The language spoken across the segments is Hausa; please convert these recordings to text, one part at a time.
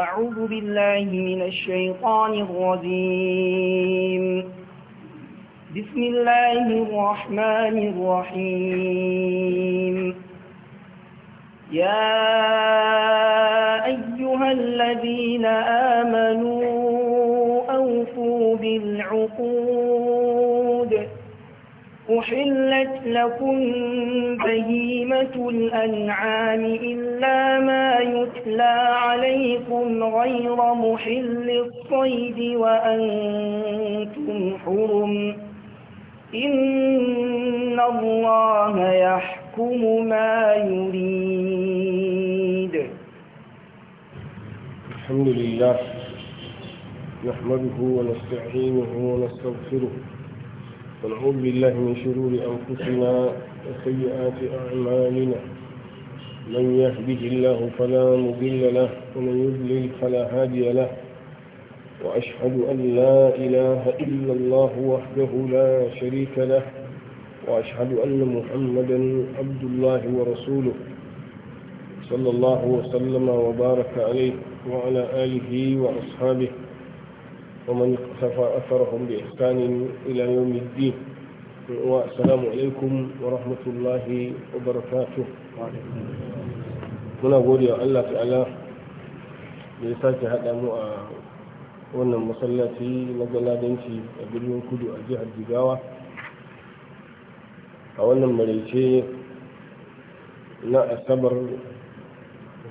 أعوذ بالله من الشيطان الرجيم بسم الله الرحمن الرحيم يا أيها الذين آمنوا أوفوا بالعقول أحلت لكم بهيمة الأنعام إلا ما يتلى عليكم غير محل الصيد وأنتم حرم إن الله يحكم ما يريد الحمد لله نحمده ونستعينه ونستغفره ونعوذ بالله من شرور أنفسنا وسيئات أعمالنا من يهده الله فلا مضل له ومن يضلل فلا هادي له وأشهد أن لا إله إلا الله وحده لا شريك له وأشهد أن محمدا عبد الله ورسوله صلى الله وسلم وبارك عليه وعلى آله وأصحابه ومن اقتفى أثرهم بإحسان إلى يوم الدين والسلام عليكم ورحمة الله وبركاته muna godiya wa Allah ta'ala da ya sake haɗa mu a wannan masallaci na galadanci a birnin kudu a jihar jigawa a wannan maraice na asabar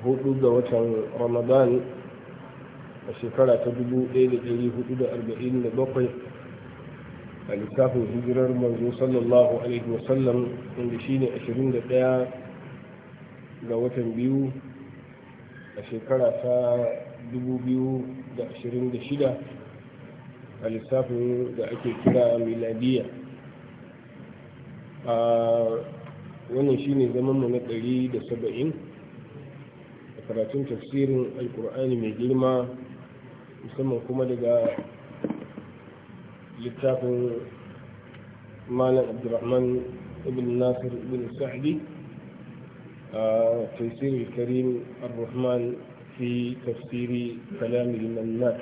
hudu ga watan ramadan a shekara ta 1447 a littafin hijirar manzo sallallahu alaihi wasallam inda shi ne 21 ga watan biyu a shekara ta 2026 a lissafin da ake kira miladiya a wannan shi ne zamanmu na 170 a karatun tafsirin alkur'ani mai girma musamman kuma daga littafin malam abdurrahman ibn nasir ibn sa'di a tafsir karim ar-rahman fi tafsiri kalamin mannan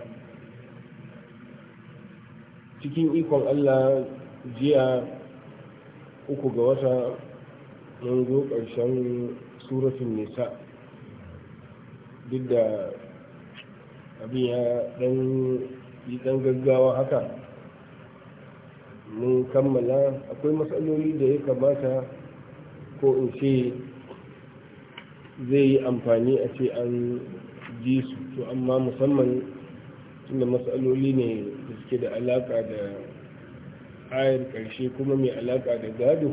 cikin ikon allah jiya uku ga wata mun zo ƙarshen suratun nisa duk da abin ya dan yi dan gaggawa haka mun kammala akwai matsaloli da ya kamata ko in ce zai yi amfani a ce an ji su to amma musamman tunda matsaloli ne da suke da alaka da ayar ƙarshe kuma mai alaka da gado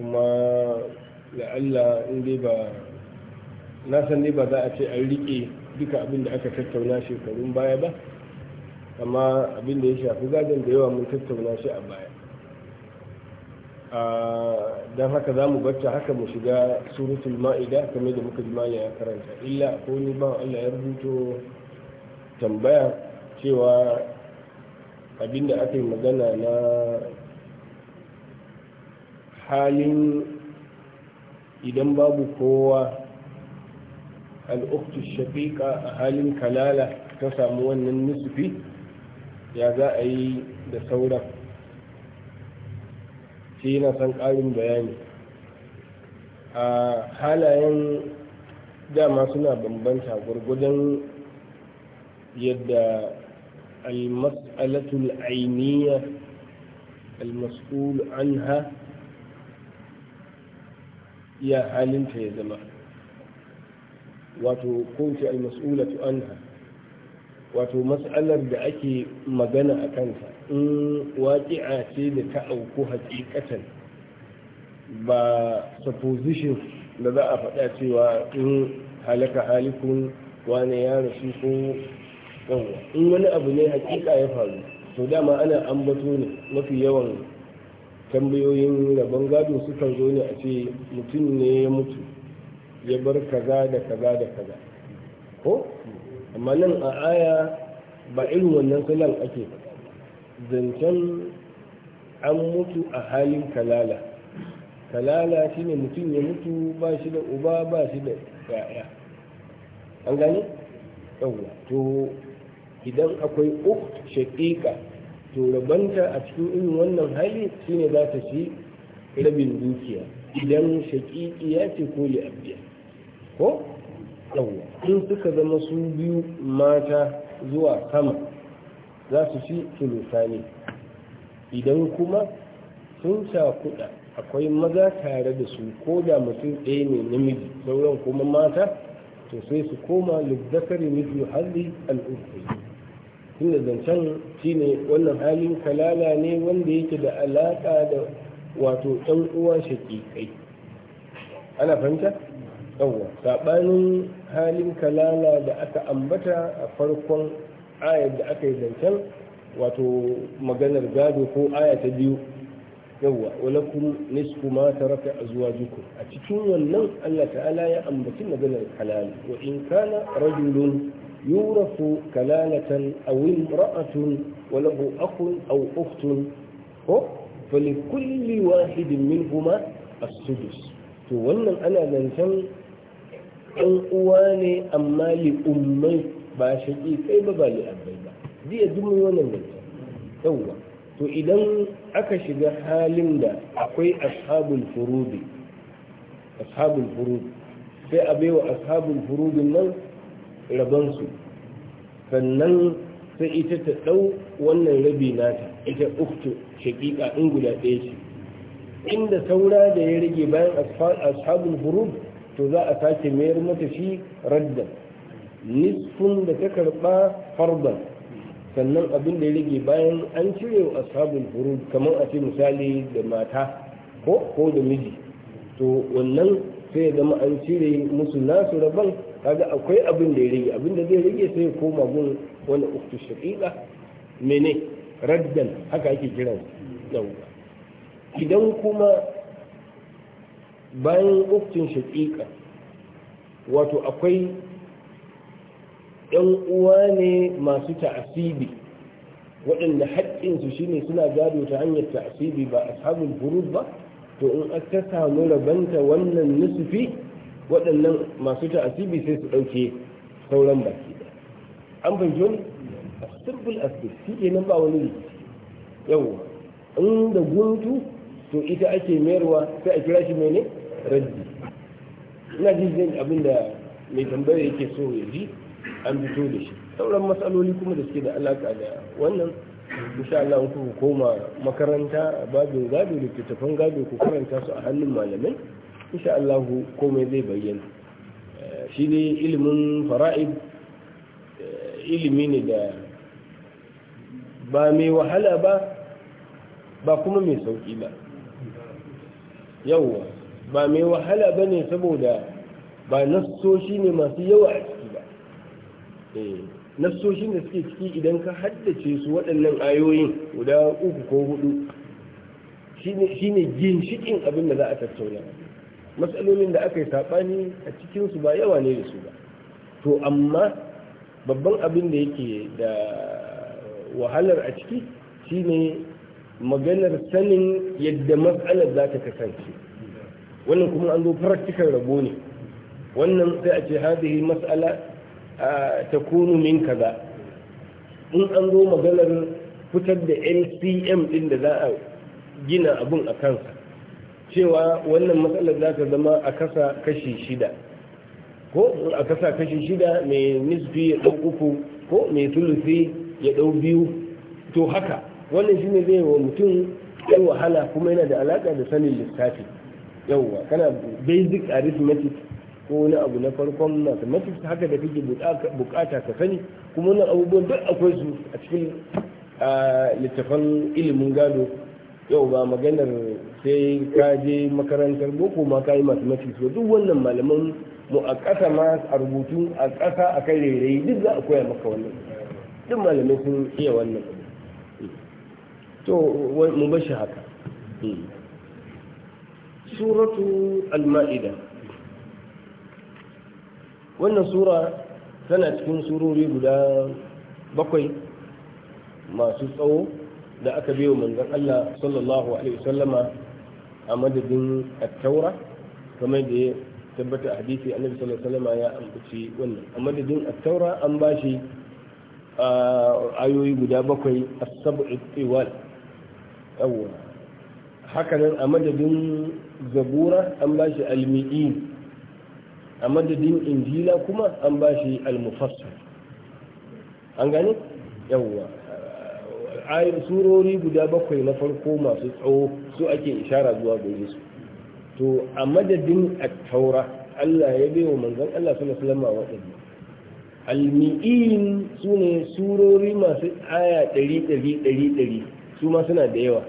kuma la'alla in ba na san ne ba za a ce an riƙe duka abin da aka tattauna shekarun baya ba amma abin da ya shafi gadon da yawa mun tattauna shi a baya don haka za mu bacci haka mu shiga surutul ma'ida kamar da muka jima ya karanta illa ko ni ba Allah ya rubuto tambaya cewa abin da aka yi magana na halin idan babu kowa al'uktu shafiƙa a halin kalala ta samu wannan nusufi ya za a yi da sauran shi yana son ƙarin bayani a halayen dama suna bambanta gwargwadon yadda almas'alatul ainiya almas'ul anha ya halinta ya zama wato kunce al-mas'ulatu anha wato mas'alar da ake magana a kanta in waƙi'a ce da ta auku hakikatan ba supposition da za a faɗa cewa in halaka halikun wane ya rasu ko yawwa in wani abu ne hakika ya faru to dama ana ambato ne mafi yawan tambayoyin rabon gado sukan zo ne a ce mutum ne ya mutu ya bar kaza da kaza da kaza ko amma nan a aya ba irin wannan kalan ake zancen an mutu a halin kalala kalala shine mutum ya mutu ba shi da uba ba shi da ya'ya an gane yawwa to idan akwai uku shaƙiƙa, to rabanta a cikin irin wannan hali shine za ta shi rabin dukiya idan shaƙiƙi ya ce ko ya abiya ko yawwa in suka zama su biyu mata zuwa sama za su fi sulusani idan kuma sun kuɗa akwai maza tare da su ko da mutum ɗaya ne namiji sauran kuma mata to sai su koma lubbakari hali halli Tun tunda zancen shine wannan halin kalala ne wanda yake da alaƙa da wato ɗan uwa shaƙiƙai ana fahimta yawwa saɓanin halin kalala da aka ambata a farkon ayar da aka yi zancen wato maganar gado ko aya ta biyu yawwa walakum nisfu ma taraka azwajukum a cikin wannan Allah ta'ala ya ambaci maganar halal wa in kana rajulun yurafu kalalatan aw imra'atun wa lahu akhun aw ukhtun ko falikulli wahidin minhuma as-sudus to wannan ana zancen ɗan uwa ne amma li'ummai ba shaƙi kai ba ba li'abbai ba zai duk wannan zance yawwa to idan aka shiga halin da akwai ashabul furudi ashabul furudi sai a baiwa ashabul furudin nan rabansu sannan sai ita ta ɗau wannan rabi nata ita uktu shaƙiƙa in guda ɗaya ce inda saura da ya rage bayan ashabul furud to za a sake mayar mata shi raddan nisfun da ta karba fardan sannan abin da ya rage bayan an cire wa ashabul furud kamar a ce misali da mata ko ko da miji to wannan sai ya zama an cire musu nasu rabon kaga akwai abin da ya rage abin da zai rage sai ya koma gun wani uktu shaqiqa mene raddan haka ake kiran yau idan kuma bayan uktin shaƙiƙa wato akwai ‘yan uwa ne masu ta'asibi waɗanda haƙƙinsu shine suna gado ta hanyar ta'asibi ba ashabul buruk ba to in aka samu rabanta wannan nusufi waɗannan masu ta'asibi sai su ɗauke sauran baki da an fahimci wani sirbul asib shi ke nan ba wani rikici in da guntu to ita ake mayarwa sai a kira shi ne raddi ina ji zai abin da mai tambaya yake so ya ji an fito da shi sauran matsaloli kuma da suke da alaka da wannan insha Allah ku koma makaranta babin gado da littattafan gado ku karanta su a hannun malamai insha Allah komai zai bayyana eh, shi ne ilimin fara'id eh, ilimi ne da ba mai wahala ba ba kuma mai sauki ba yawwa ba mai wahala ba ne saboda ba nassoshi ne masu yawa a ciki ba eh, nassoshin da suke ciki idan ka haddace su waɗannan ayoyin guda uku ko hudu shi ne ginshikin abin da za a tattauna matsalolin da aka yi saɓani a cikinsu ba yawa ne da su ba to amma babban abin da yake da wahalar a ciki shine maganar sanin yadda matsalar za ta kasance wannan kuma an zo practical rabo ne wannan sai a ce hadihi mas'ala ta min kaza in an zo maganar fitar da LCM din da za a gina abun a kansa cewa wannan matsalar za ta zama a kasa kashi shida ko a kasa kashi shida mai nisfi ya ɗau uku ko mai tulufi ya ɗau biyu to haka wannan shine zai wa mutum ɗan wahala kuma yana da alaƙa da sanin lissafi yawwa kana basic arithmetic ko wani abu na farkon mathematics haka da kake bukata ka sani kuma wannan abubuwan duk akwai su a cikin littafan ilimin gado yau ba maganar sai ka je makarantar boko ma ka yi mathematics ba duk wannan malaman mu a ƙasa ma a rubutu a ƙasa a kan rairayi duk za a koya maka wannan duk malamai sun iya wannan to mu bashi haka hmm. suratu al-ma'ida wannan sura tana cikin surori guda bakwai masu tsawo da aka biyo manzon Allah sallallahu alaihi wasallama a madadin at-taura kamar da ya tabbata a hadisi annabi sallallahu alaihi wasallama ya ambaci wannan a madadin at-taura an bashi ayoyi guda bakwai as-sab'u tiwal awwa hakanan a madadin zabura an ba shi almi'in a madadin injila kuma an ba shi almufassar an gani yawwa ayin surori guda bakwai na farko masu tsawo su ake ishara zuwa gare su to a madadin taura, Allah ya bai wa manzon Allah sallallahu alaihi a waɗannan almi'in sune surori masu aya ɗari ɗari ɗari ɗari su ma suna da yawa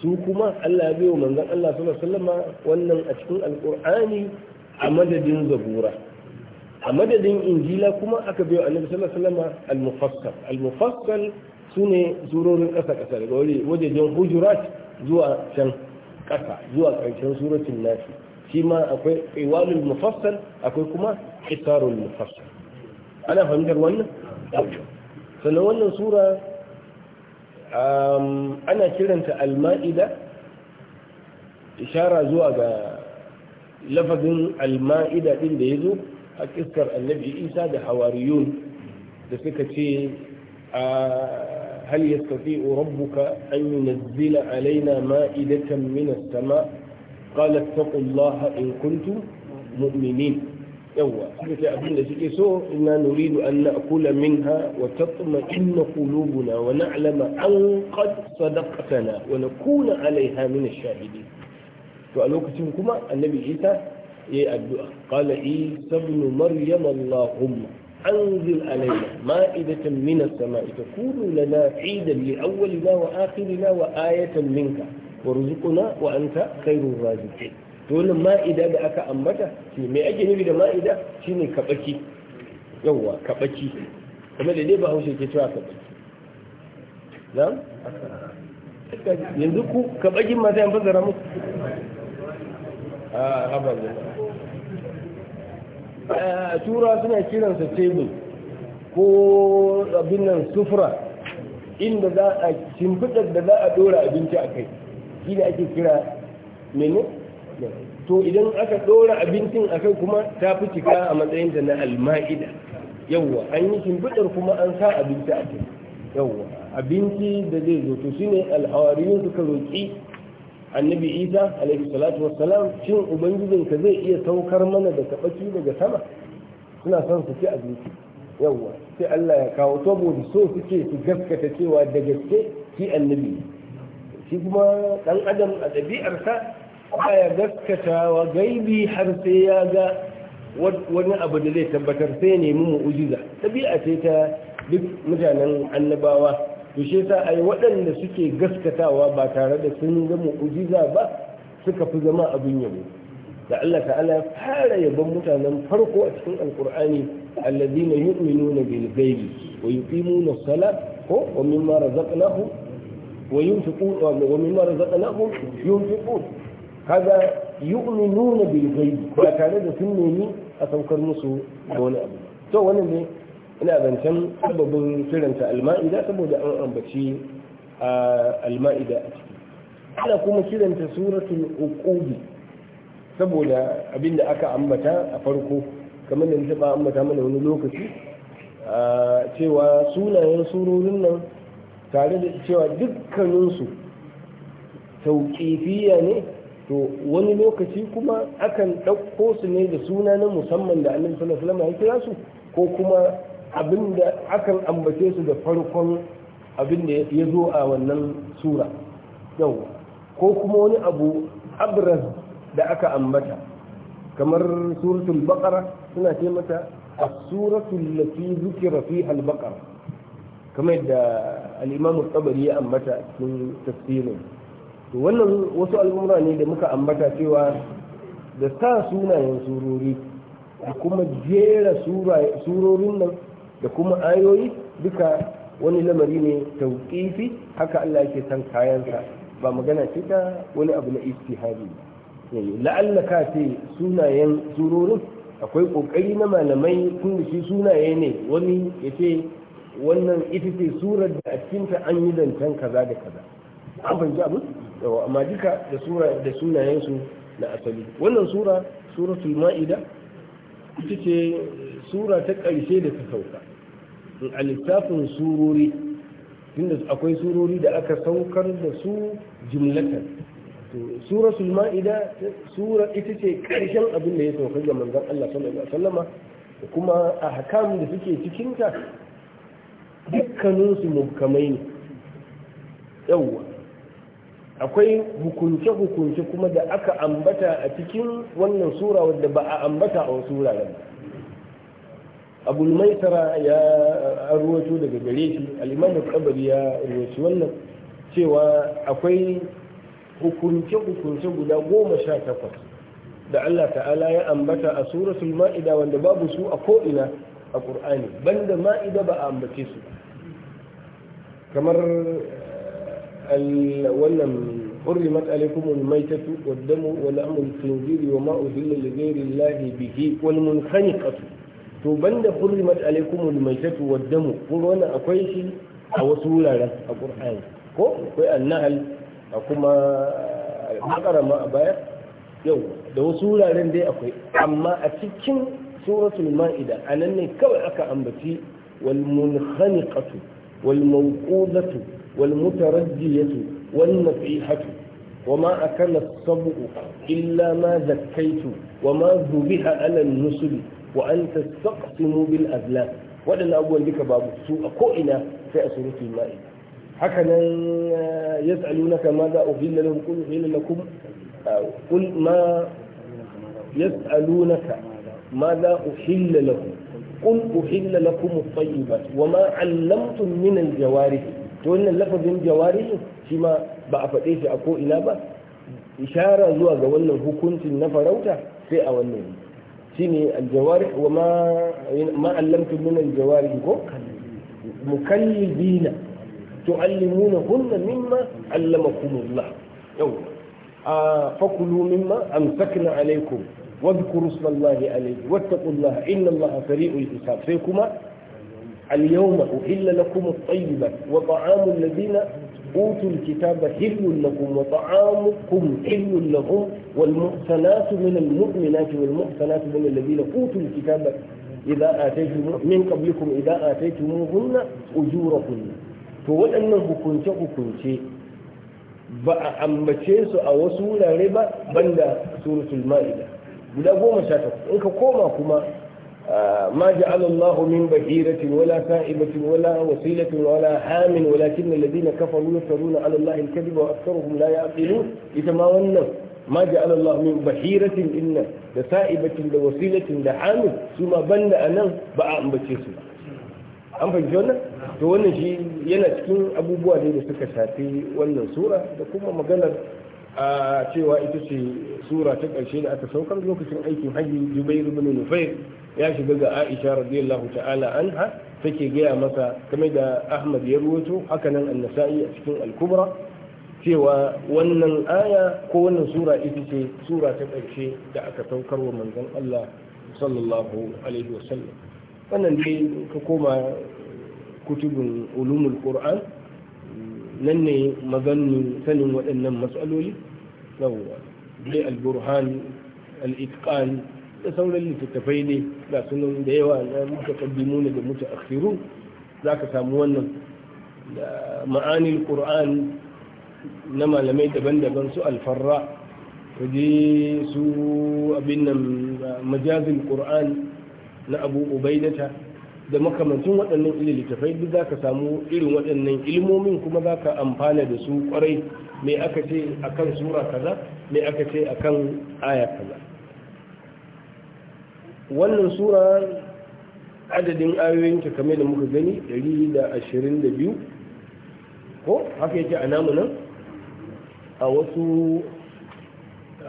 su kuma Allah ya bai wa manzon Allah sallallahu alaihi wasallam wannan a cikin alqur'ani a madadin zabura a madadin injila kuma aka bai wa annabi sallallahu alaihi wasallam al-mufassal al-mufassal sune surorin kasa kasa daga wajejen hujurat zuwa can kasa zuwa karshen suratul nafi shi ma akwai iwalul mufassal akwai kuma isarul mufassal ana fahimtar wannan sannan wannan sura ana kiranta alma’ida ishara zuwa ga lafazin alma’ida ɗin da ya a ƙiskar annabi isa da hawariyun da suka ce a haliyar tafi rabbuka an yi nazzila alaina ma’idatan minasta ma ƙalar taƙullaha in kuntu mu'minin yawwa suka abin da suke so inna nuridu an na'kula minha wa tatma'inna qulubuna wa na'lama an qad sadaqtana wa nakuna 'alayha min ash-shahidin to a lokacin kuma annabi Isa yi addu'a qala Isa ibn Maryam Allahumma anzil alayna ma'idatan min as-sama'i takunu lana 'idan li awwalina wa akhirina wa ayatan minka warzuqna wa anta khairur raziqin dole ma'ida da aka ambata shi mai ake nufi da ma'ida shine kabaki Yauwa kabaki kuma da dai ba haushe ke cewa kabaki na'am yanzu ku kabakin masu yan fasara musu? a ah, haɓar da ah, tura suna kiransa table ko abin nan sufura inda za a shimfidar da za a ɗora abinci a kai shi da ake kira menu to idan aka ɗora abincin akai kuma ta fi cika a matsayin da na alma'ida yawwa an yi shimfiɗar kuma an sa abinci a kai yawwa abinci da zai zo to shine alhawariyun suka roƙi annabi isa alaihi salatu wassalam shin ubangijin ka zai iya saukar mana da kaɓaci daga sama suna son su ci abinci yawwa sai allah ya kawo saboda so suke su gaskata cewa da gaske shi annabi shi kuma ɗan adam a ɗabi'arsa baya gaskata wa gaibi har sai ya ga wani abu da zai tabbatar sai nemi mu'ujiza tabi'a ce ta duk mutanen annabawa to shi yasa ai waɗanda suke gaskatawa ba tare da sun ga mu'ujiza ba suka fi zama abin yabo da Allah ta'ala ya fara yabon mutanen farko a cikin alkur'ani alladhina yu'minuna bil ghaibi wa yuqimuna as-salata ko wa mimma razaqnahum wa yunfiquna wa mimma razaqnahum yunfiquna kaga yu'minuna bil ghaibi ba tare da sun nemi a saukar musu da wani abu to wannan ne ina zancen sababin kiranta alma'ida saboda an ambaci alma'ida a ciki ana kuma kiranta suratun uqubi saboda abinda aka ambata a farko kamar da taba ambata mana wani lokaci cewa sunayen surorin nan tare da cewa dukkaninsu tauƙifiya ne to wani lokaci kuma akan ɗauko su ne da suna na musamman da annabi sallallahu alaihi wasallam ya kira su ko kuma abin da akan ambace su da farkon abin da ya zo a wannan sura yau ko kuma wani abu abraz da aka ambata kamar suratul baqara suna ce mata as-suratul lati zikra fiha al-baqara kamar da al-imam al tabari ya ambata cikin tafsirin to wannan wasu al'umma ne da muka ambata cewa da sa sunayen surori da kuma jera surorin nan da kuma ayoyi duka wani lamari ne tauƙifi haka Allah yake san kayansa ba magana ce ta wani abu na istihari la'alla ka ce sunayen surorin akwai ƙoƙari na malamai kun shi sunaye ne wani ya ce wannan ita ce surar da a cikinta an yi zancen kaza da kaza an fahimci abu amma duka da sura da sunayensu na asali wannan sura suratul ma'ida ita ce sura ta ƙarshe da ta sauka a sururi, surori da akwai surori da aka saukar da su jimlatan suratul ma'ida sura ita ce ƙarshen abin da ya sauka ga manzon Allah sallallahu alaihi wasallama da kuma ahkam da suke cikinta dukkanin su ne yawwa akwai hukunce-hukunce kuma da aka ambata a cikin wannan sura wadda ba a ambata a wasu wuraren mai tara ya arwato daga gare shi alimamu kabari ya arwato wannan cewa akwai hukunce-hukunce guda goma sha takwas da Allah ta'ala ya ambata a suratul ma'ida wanda babu su a ko'ina a ƙur'ani banda ma'ida ba a ambace su kamar wannan حرمت عليكم الميتة والدم ولحم الخنزير وما أهل لغير الله به والمنخنقة to banda hurrimat alaikum almaytatu waddamu kun wannan akwai shi a wasu wuraren a Qur'ani ko akwai annahal a kuma bakara ma a baya yau da wasu wuraren dai akwai amma a cikin suratul ma'ida anan ne kawai aka ambaci wal والموقوذة والمترجية والنفيحة وما أكل السبع إلا ما زكيت وما ذبح على النسل وأن تستقسموا بالأذلام وأن أول بك باب السوء كائنا في أسرة المائدة هكذا يسألونك ماذا أهل لهم قل أهل لكم قل ما يسألونك ماذا أحل لهم قل أحل لكم الطيبات وما علمتم من الجوارح تقولنا اللفظ من جوارح فيما بأفتيش أكو إنابة إشارة زوا قولنا هو كنت نفروتا في أولنا شيني الجوارح وما ما علمتم من الجوارح مكلبين تعلمونهن مما علمكم الله يوم آه فكلوا مما أمسكنا عليكم واذكروا اسم الله عليه واتقوا الله إن الله سريع الحساب فيكما اليوم أحل لكم الطيبة وطعام الذين أوتوا الكتاب حل لكم وطعامكم حل لهم والمحسنات من المؤمنات والمحسنات من الذين أوتوا الكتاب إذا آتيتم من قبلكم إذا آتيتموهن أجورهن فوالأنه كنت كنت ba a ambace su a wasu wurare ba banda suratul ma'ida guda goma sha takwas in ka koma kuma ah, ma ji alallahu min bahiratin wala sa'ibatin wala wasilatin wala hamin wala kin lalabi na kafa nuna taru na alallahi kadi ba aksaru kuma ya aƙilu ita ma wannan ma ji alallahu min bahiratin inna da sa'ibatin da wasilatin da hamin su ma banda a nan ba a ambace su an fahimci wannan to wannan shi yana cikin abubuwa ne da suka shafi wannan sura da kuma maganar a cewa ita ce sura ta ƙarshe da aka saukar lokacin aikin hajji jubairu bin nufair ya shiga ga aisha radiyallahu ta'ala anha take gaya masa kamar da ahmad ya ruwato hakanan annasa'i a cikin al-kubra cewa wannan aya ko wannan sura ita ce sura ta ƙarshe da aka saukar wa manzon Allah sallallahu alaihi wasallam wannan dai ka koma kutubin ulumul qur'an nan ne maganin sanin waɗannan matsaloli yawwa dai al-burhan al-itqan da sauran littattafai ne ga sunan da yawa na mutaqaddimu da mutaakhiru zaka samu wannan da ma'anil qur'an na malamai daban-daban su al-farra je su abin nan majazin qur'an na abu ubaidata da makamancin waɗannan littafai duk za ka samu irin waɗannan ilmomin kuma za ka amfana da su ƙwarai mai aka ce a kan sura kaza mai aka ce a kan aya kaza wannan sura adadin ayoyinta kame da muka gani 122 ko haka yake a namu a wasu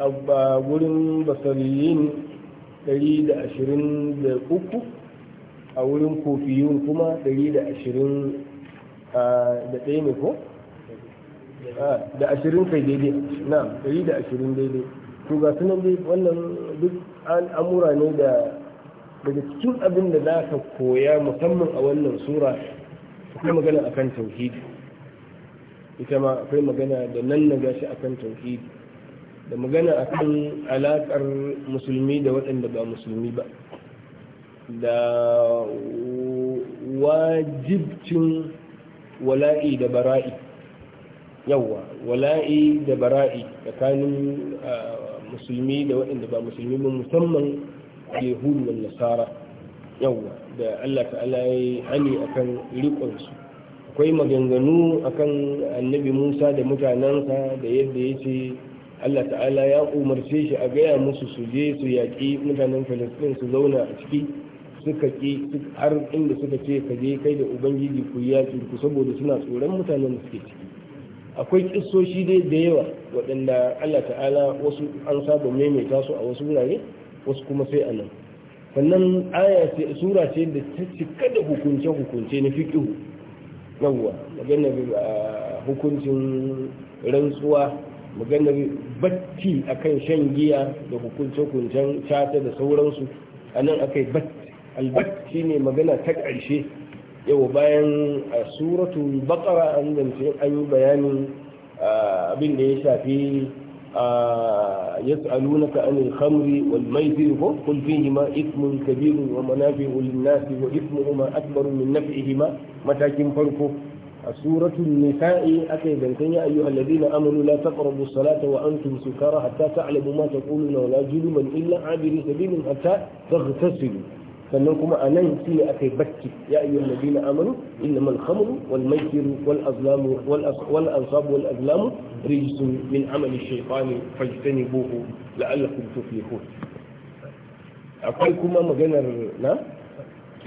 abagurin basaliyin 123 a wurin kofiyun kuma 120 da ɗaya ne ko? da ashirin kai daidai na ɗari da ashirin daidai to ga sunan dai wannan duk al'amura ne da daga cikin abin da za ka koya musamman a wannan sura akwai magana akan tauhidi ita ma akwai magana da nan na gashi akan tauhidi da magana akan alakar musulmi da waɗanda ba musulmi ba da wajibcin wala'i da bara'i yawa wala'i da bara'i tsakanin ah, musulmi da waɗanda ba musulmi ba musamman yahudu da nasara yawa da allah ta'ala ya hani kan riƙonsu akwai maganganu a kan annabi musa da mutanensa da yadda ya ce Allah ta'ala ya umarce shi a gaya musu su je su yaƙi mutanen Falasɗin su zauna a ciki suka har inda suka ce ka je kai da ubangiji ku yaki ku saboda suna tsoron mutanen da suke ciki akwai kissoshi dai da yawa waɗanda Allah ta'ala wasu an saba maimaita su a wasu wurare wasu kuma sai a nan sannan aya ce sura ce da ta cika da hukunce hukunce na fiqhu yawwa magana ah, hukuncin rantsuwa maganar batti akan shan giya da hukunce-hukuncen shata da sauransu a nan aka batti albat shine magana ta ƙarshe yau bayan suratu bakara an zance an yi bayanin abin da ya shafi yas'alunaka anil khamri wal maisir ko qul fihima ithmun kabirun wa manafi'u lin-nasi wa ithmuhuma akbaru min hima matakin farko a suratul nisa'i akai zancen ya ayyuhal ladina amanu la taqrabu salata wa antum sukara hatta ta'lamu ma taquluna wa la juluman illa abiri sabilin hatta taghtasilu sannan kuma a nan shi ne aka yi bacci ya ayyuhal ladina amanu man khamru wal maisiru wal azlamu wal ansabu wal azlamu rijsun min amali shaytani fajtanibuhu la'allakum tuflihun akwai kuma maganar na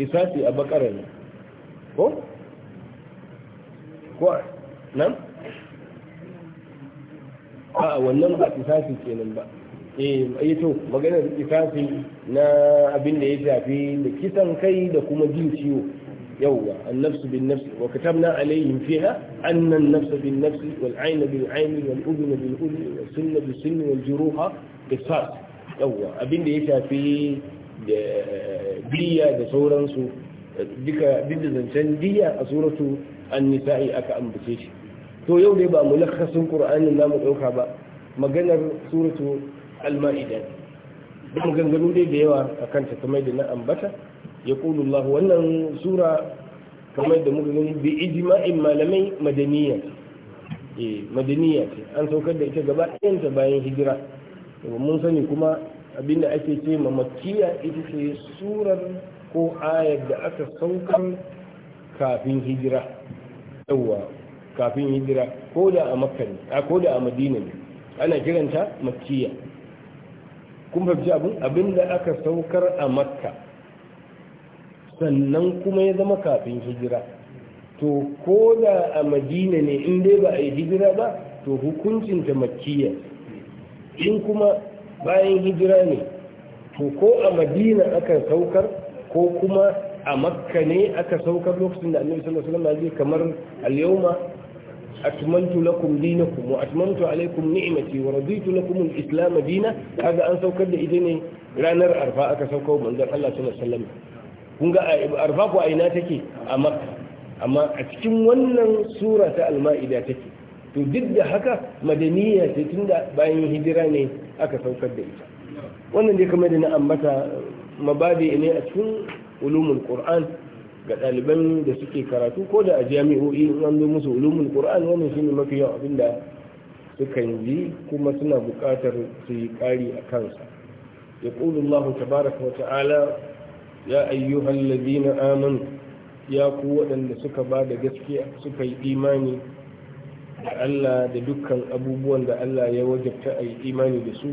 kisasi a bakara ne ko ko nan a wannan ba kisasi kenan ba Eh, eh to maganar ikasi na abin da ya shafi da kisan kai da kuma jin ciwo yawwa an nafsu bin nafsi wa katabna alaihim fiha anna an nafsu bin nafsi wal 'ayna bil 'ayni wal udhuna bil udhuni was sunna bis sunni wal juruha qisas yawwa abin da ya shafi da biya eh, da sauransu duka duk da zancen diya a suratu an-nisa'i aka ambace shi to yau dai ba mulakhasin qur'anin namu dauka ba maganar suratu al-ma'ida da gangano dai da yawa a kanta kamar da na ambata ya kulu Allah wannan sura kamar da muka gani bi ijma'in malamai madaniya ce eh, madaniya ce an saukar da ita gaba ɗayanta bayan hijira mun sani kuma abinda ake ce ma makkiya ita ce surar ko ayar da aka saukar kafin hijira yawa kafin hijira ko da a makka ne ko da a madina ne ana kiranta makkiya kun fahimci abin da aka saukar a makka sannan kuma ya zama kafin hijira to ko da a madina ne in dai ba a yi hijira ba to hukuncin ta makkiya in kuma bayan hijira ne to ko a madina aka saukar ko kuma a makka ne aka saukar lokacin da annabi sallallahu alaihi wasallam ya kamar al-yawma atmantu lakum dinakum wa atmamtu alaykum ni'mati wa raditu islam dina kaga an saukar da ita ne ranar arfa aka saukar manzon Allah sallallahu alaihi wasallam kun ga arfa ko take a makka amma a cikin wannan sura ta al-ma'ida take to duk da haka madaniya ce tunda bayan hidira ne aka saukar da ita wannan dai kamar da na ambata mabadi ne a cikin ulumul qur'an ga ɗaliban da suke karatu ko da a jami'o'i in an zo musu ulumul qur'an wannan shine mafi yawan abin da sukan yi kuma suna buƙatar su yi ƙari a kansa ya Allah tabaraka wa ta'ala ya na ladina amanu ya ku waɗanda suka ba da gaskiya suka yi imani da Allah da dukkan abubuwan da Allah ya wajabta a yi imani da su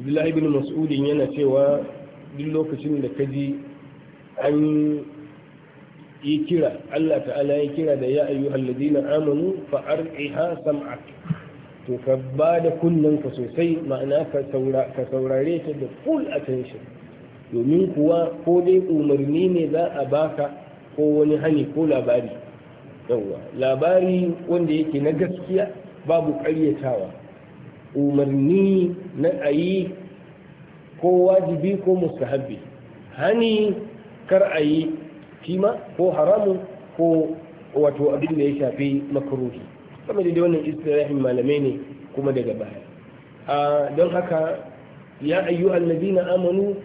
Abdullahi bin Mas'udin yana cewa duk lokacin da ka ji an yi kira Allah ta'ala ya kira da ya ayyu alladina amanu fa ar'iha sam'ak to ka ba da kunnen ka sosai ma'ana ka saurare ta da full attention domin kuwa ko dai umarni ne za a baka ko wani hani ko labari yawa labari wanda yake na gaskiya babu ƙaryatawa umarni na ayi ko wajibi ko mustahabbi hani kar a yi kima ko haramun ko wato abin da ya shafi makaruhi sama da wannan istirahim malamai ne kuma daga baya don haka ya ayyuhan na amanu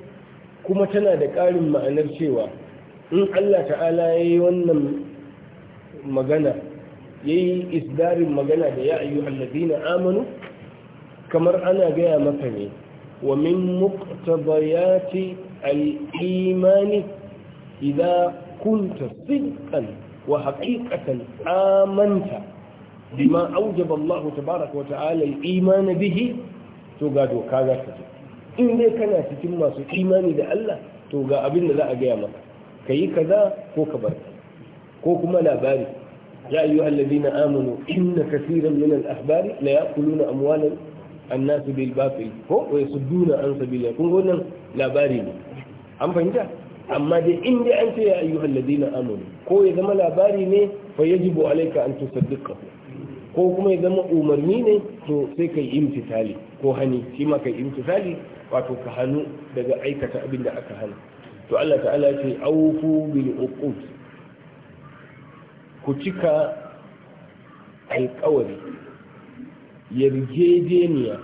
kuma tana da ƙarin ma'anar cewa in Allah ta'ala ya yi wannan magana ya yi isdarin magana da ya ayyuhan na amanu kamar ana gaya maka ne wa min muktabayati al-imani idan kunta sinkan wa haƙiƙatan amanta bima aujaba Allah tabaraka wata'ala al-imani bihi to ga doka ka ce in dai kana cikin masu imani da Allah to ga abin da za a gaya maka kai kaza ko ka bar ko kuma labari ya ayu alladhina amanu inna kaseeran min al-ahbari la yaquluna amwalan an-nas bil batil ko yasudduna an sabila kun gonan labari ne an fahimta amma dai in dai an ce ya ayyuhal ladina amanu ko ya zama labari ne fa yajibu alayka an tusaddiqa ko kuma ya zama umarni ne to sai kai imtisali ko hani shi ma kai imtisali wato ka hanu daga aikata abin da aka hana to Allah ta'ala ce awfu bil uqud ku cika alƙawari yarjejeniya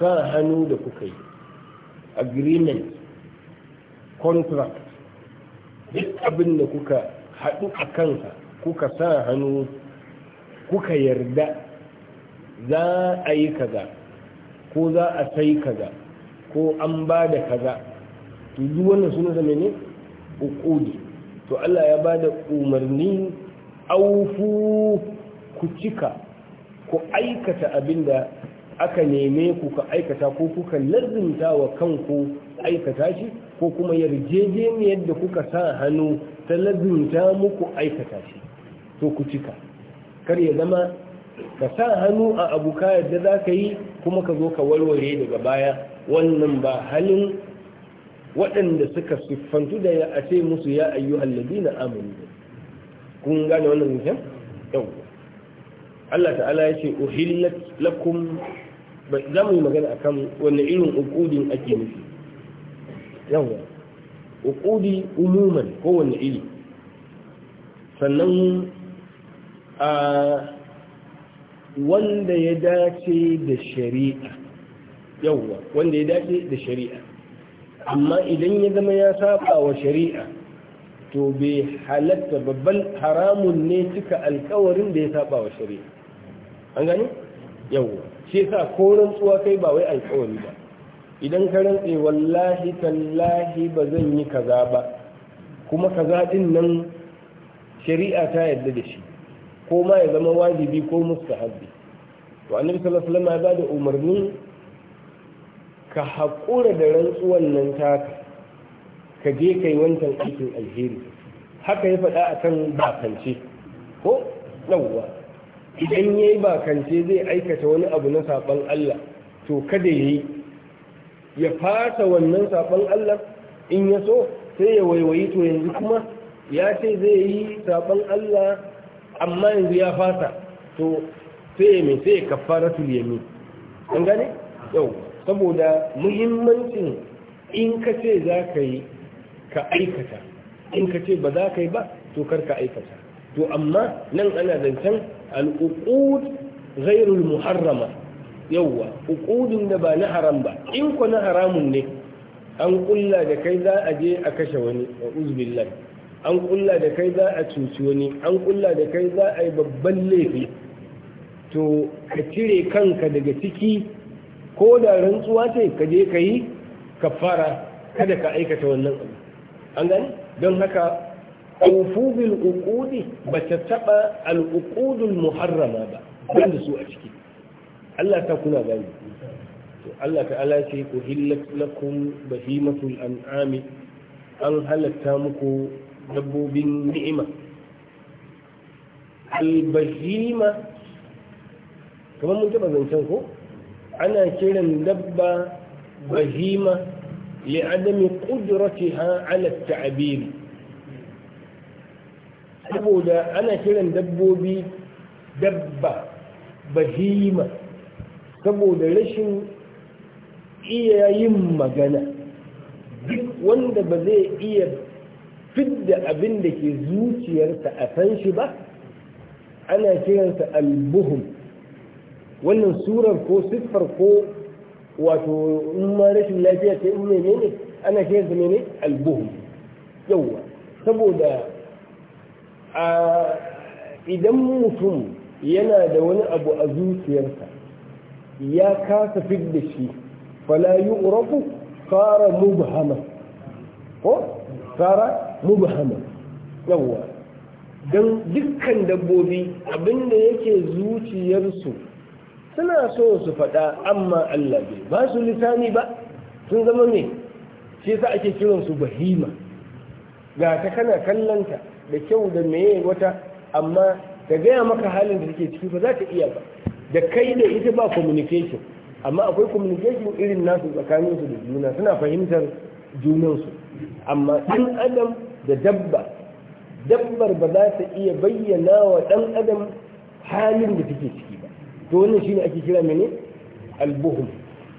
sa hannu da kuka yi agreement contract duk abin da kuka haɗu a kansa kuka sa hannu kuka yarda za a yi kaza ko za a sai kaza ko an ba da kaza to yi wannan suna zama ne uƙudi to Allah ya ba da umarni aufu ku cika ku aikata abin da aka neme ku ka aikata ko kuka lardinta wa kanku aikata shi ko kuma yarjejeniyar da kuka sa hannu ta lazumta muku aikata shi to ku cika kar ya zama ka sa hannu a abu ka yadda za ka yi kuma ka zo ka warware daga baya wannan ba halin waɗanda suka siffantu da ya a ce musu ya ayyu ayyuhal na amanu kun gane wannan mutum yau Allah ta'ala ya ce uhillat lakum za mu yi magana akan wani irin ukudin ake nufi yawon uqudi umuman kowane iri sannan a wanda ya dace da shari'a yawon wanda ya dace da shari'a amma idan ya zama ya saba wa shari'a to bai halatta babban haramun ne cika alkawarin da ya saba wa shari'a an gani yawon shi sa ko rantsuwa kai ba wai alkawari ba idan ka rantse wallahi tallahi ba zan yi kaza ba kuma kaza din nan shari'a ta yadda da shi ko ma ya zama wajibi ko mustahabbi to annabi sallallahu alaihi wasallam ya bada umarni ka haƙura da rantsuwan nan taka ka je kai wancan aikin alheri haka ya faɗa akan bakance ko yawwa idan yayi bakance zai aikata wani abu na saban Allah to kada yayi ya fata wannan saɓon Allah in ya so sai ya waiwayi to yanzu kuma ya ce zai yi saɓon Allah amma yanzu ya fata to sai ya mai sai ya kafara tuliyami an gane? yau saboda muhimmancin in ka ce za ka yi ka aikata in ka ce ba za ka yi ba to kar ka aikata to amma nan ana zancen al'uqud ghairul muharrama yawwa uqudun da ba na haram ba in ku na haramun ne an kulla da kai za a je a kashe wani wa uzbillah an kulla da kai za a cuci wani an kulla da kai za a yi babban laifi to ka cire kanka daga ciki ko da rantsuwa ce ka je ka yi kafara kada ka aikata wannan abu an gani don haka awfu bil uqudi ba ta taba al uqudul muharrama ba wanda su a ciki Allah ta kuna gani to Allah ta'ala ce ku hillat lakum bahimatul an'ami an halatta muku dabbobin ni'ima Al albahima kamar mun taba zancen ko ana kiran dabba bahima li'adami qudratiha ala ta'bir saboda ana kiran dabbobi dabba bahima saboda rashin iya yin magana duk wanda ba zai iya fidda abin da ke zuciyarsa a san shi ba ana kiransa albuhun. wannan surar ko siffar ko wato in ma rashin lafiya ce in ne, ana kiransa mene Albuhun. Yauwa, saboda a idan mutum yana da wani abu a zuciyarsa ya kasa fidda shi fala yu'rafu fara mubhama ko Fara mubhama yawwa don dukkan dabbobi abinda yake zuciyarsu suna so su faɗa amma Allah bai ba su lisani ba sun zama me shi yasa ake kiran su bahima ga ta kana kallanta da kyau da meye wata amma ta gaya maka halin da take ciki ba za ta iya ba da kai da ita ba communication amma akwai communication irin nasu tsakanin su da juna suna fahimtar junansu amma ɗan adam da dabba dabbar ba za ta iya bayyana wa ɗan adam halin da take ciki ba to wannan shine ake kira mene albuhum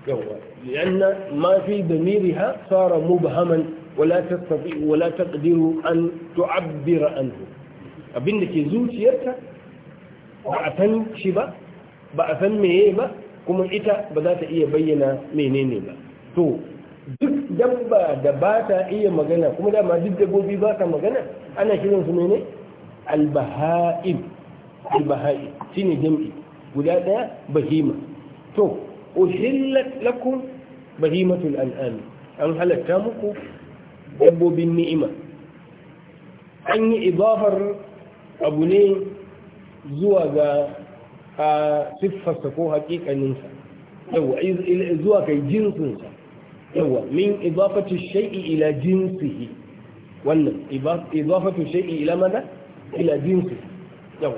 yawa لأن ما في ضميرها صار مبهما ولا تستطيع ولا تقدر أن تعبر عنه abin da ke zuciyarta ba a shi ba ba a san meye ba kuma ita ba za ta iya bayyana menene ba to duk dabba da ba ta iya magana kuma dama duk dabbobi ba ta magana ana kiran su mene albaha'im albaha'im shine jam'i guda daya bahima to uhillat lakum bahimatul an'am an halatta muku dabbobin ni'ima an yi idafar abu ne zuwa ga siffarsa ko haƙiƙaninsa yawa zuwa kai jinsinsa yawa min idafatu shay'i ila jinsihi wannan idafatu shay'i ila mana ila jinsi yawa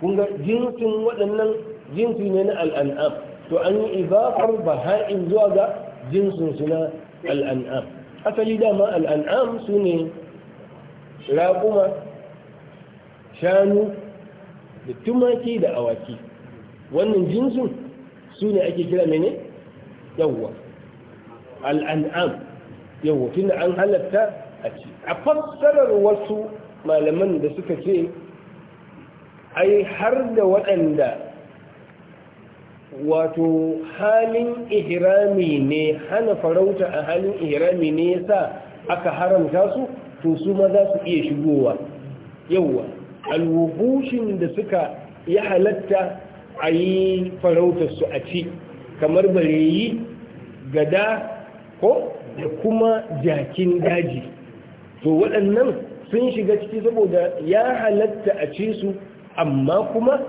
kun ga jinsin waɗannan jinsi ne na al'an'am to an yi idafar baha'in zuwa ga jinsin su na al'an'am asali dama al'an'am su ne raƙuma shanu da tumaki da awaki wannan jinsin su ne ake kira mene yawwa al'an'am yawwa tunda an halatta a ci a fassarar wasu malaman da suka ce ai har da waɗanda wato halin ihrami ne hana farauta a halin ihrami ne yasa aka haramta su to su ma za su iya shigowa Yawwa alwubushin da suka ya halatta a yi su a ci kamar bareyi gada ko da kuma jakin daji to waɗannan sun shiga ciki saboda ya halatta a ci su amma kuma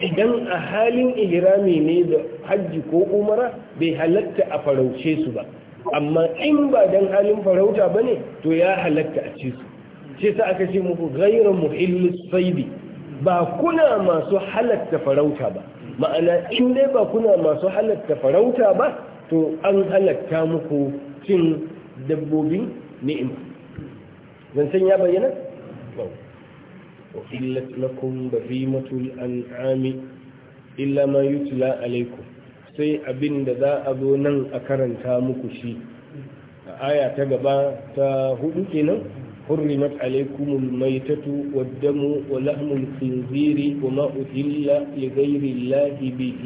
idan a halin ihrami ne da hajji ko umara bai halatta a farauce su ba amma in ba dan halin farauta ba ne to ya halatta a ci su ce sa aka ce muku gairar muhillis saidi ba kuna masu halatta farauta ba ma'ana in dai ba kuna masu halatta farauta ba to an halatta muku cin dabbobin ni'im. zan san ya bayyana illat lakum بهيمة الأنعام illa ma yutla عليكم sai abin da za a zo nan a karanta muku shi a aya ta gaba ta hudu kenan حرمت عليكم الميتة والدم ولحم الخنزير وما أهل لغير الله به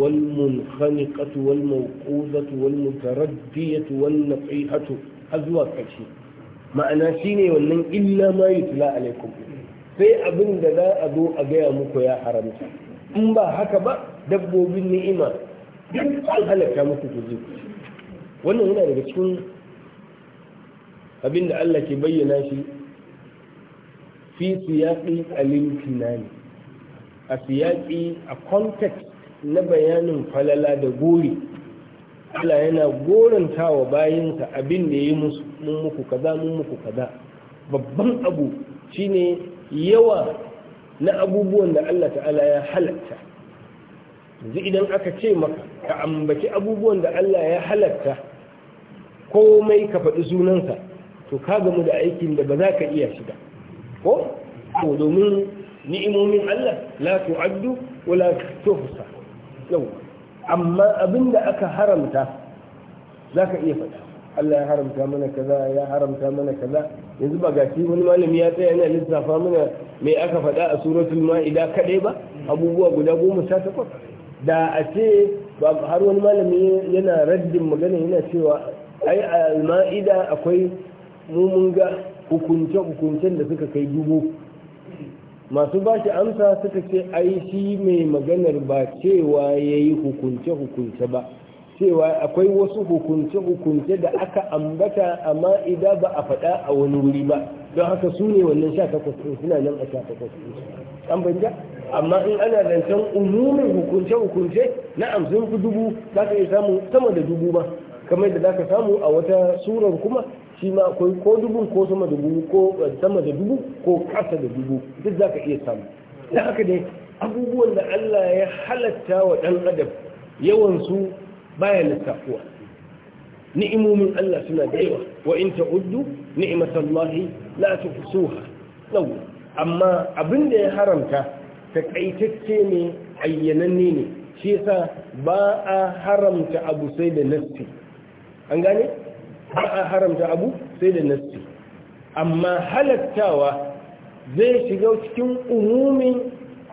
والمنخنقة والموقوذة والمتردية والنقيحة كشي ma'ana shine wannan illa ma yutla alaikum sai abin da za a zo a gaya muku ya haramta in ba haka ba dabbobin ni'ima duk an halaka muku ku wannan yana daga cikin Abin da Allah ke bayyana shi fi siyaqi al ne. a siyaƙi, a context na bayanin falala da gori Allah yana goranta wa bayinsa abin da ya yi mun muku kaza mun muku kaza babban abu shine yawa na abubuwan da Allah ta'ala ya halatta yanzu idan aka ce maka ka ambaci abubuwan da Allah ya halatta komai ka faɗi sunansa to ka gamu da aikin da ba za ka iya shiga ko ko domin ni'imomin Allah la tu'addu wa la tuhsa yau amma abinda aka haramta za ka iya faɗa Allah ya haramta mana kaza ya haramta mana kaza yanzu ba shi wani malami ya tsaya yana lissafa mana mai aka faɗa a suratul ma'ida kaɗai ba abubuwa guda goma sha takwas da a ce har wani malami yana raddin magana yana cewa ai al-ma'ida akwai mu mun ga hukunce-hukuncen da suka kai dubu masu ba shi amsa suka ce ai shi mai maganar ba cewa ya yi hukunce-hukunce ba cewa akwai wasu hukunce-hukunce da aka ambata amma idan ba a faɗa a wani wuri ba don haka su ne wannan sha takwas ɗin suna nan a sha takwas ɗin an banja amma in ana zancen umumin hukunce-hukunce na amsin fi dubu za ka iya samu sama da dubu ba kamar da za ka samu a wata surar kuma shi ma akwai ko dubu ko sama da dubu ko sama da dubu ko kasa da dubu duk za ka iya samu da haka dai abubuwan da Allah ya halatta wa ɗan adam su baya lissafuwa ni'imomin Allah suna da yawa wa in ta'uddu ni'matallahi la tuhsuha law amma abin da ya haramta takaitacce ne ayyananne ne shi yasa ba a haramta abu sai da nasti an gane ba a haramta abu sai da nassi amma halattawa zai shiga cikin umumin